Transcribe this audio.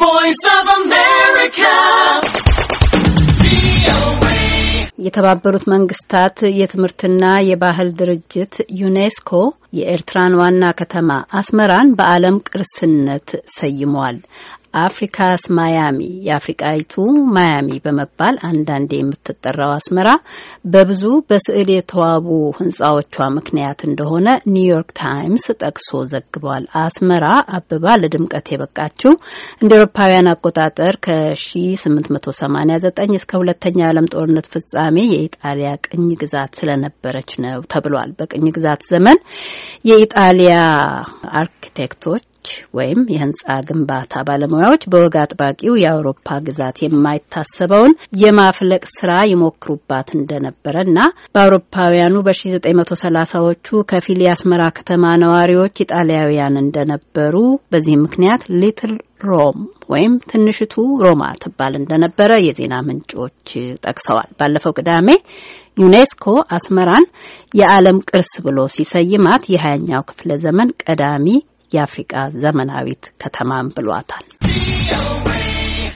ቮይስ ኦፍ አሜሪካ የተባበሩት መንግስታት የትምህርትና የባህል ድርጅት ዩኔስኮ የኤርትራን ዋና ከተማ አስመራን በዓለም ቅርስነት ሰይሟል። አፍሪካስ ማያሚ የአፍሪቃዊቱ ማያሚ በመባል አንዳንዴ የምትጠራው አስመራ በብዙ በስዕል የተዋቡ ህንጻዎቿ ምክንያት እንደሆነ ኒውዮርክ ታይምስ ጠቅሶ ዘግቧል። አስመራ አበባ ለድምቀት የበቃችው እንደ ኤሮፓውያን አቆጣጠር ከ1889 እስከ ሁለተኛው የዓለም ጦርነት ፍጻሜ የኢጣሊያ ቅኝ ግዛት ስለነበረች ነው ተብሏል። በቅኝ ግዛት ዘመን የኢጣሊያ አርኪቴክቶች ወይም የህንፃ ግንባታ ባለሙያዎች በወግ አጥባቂው የአውሮፓ ግዛት የማይታሰበውን የማፍለቅ ስራ ይሞክሩባት እንደነበረ እና በአውሮፓውያኑ በ1930ዎቹ ከፊል የአስመራ ከተማ ነዋሪዎች ኢጣሊያውያን እንደነበሩ በዚህ ምክንያት ሊትል ሮም ወይም ትንሽቱ ሮማ ትባል እንደነበረ የዜና ምንጮች ጠቅሰዋል። ባለፈው ቅዳሜ ዩኔስኮ አስመራን የዓለም ቅርስ ብሎ ሲሰይማት የሀያኛው ክፍለ ዘመን ቀዳሚ የአፍሪቃ ዘመናዊት ከተማም ብሏታል።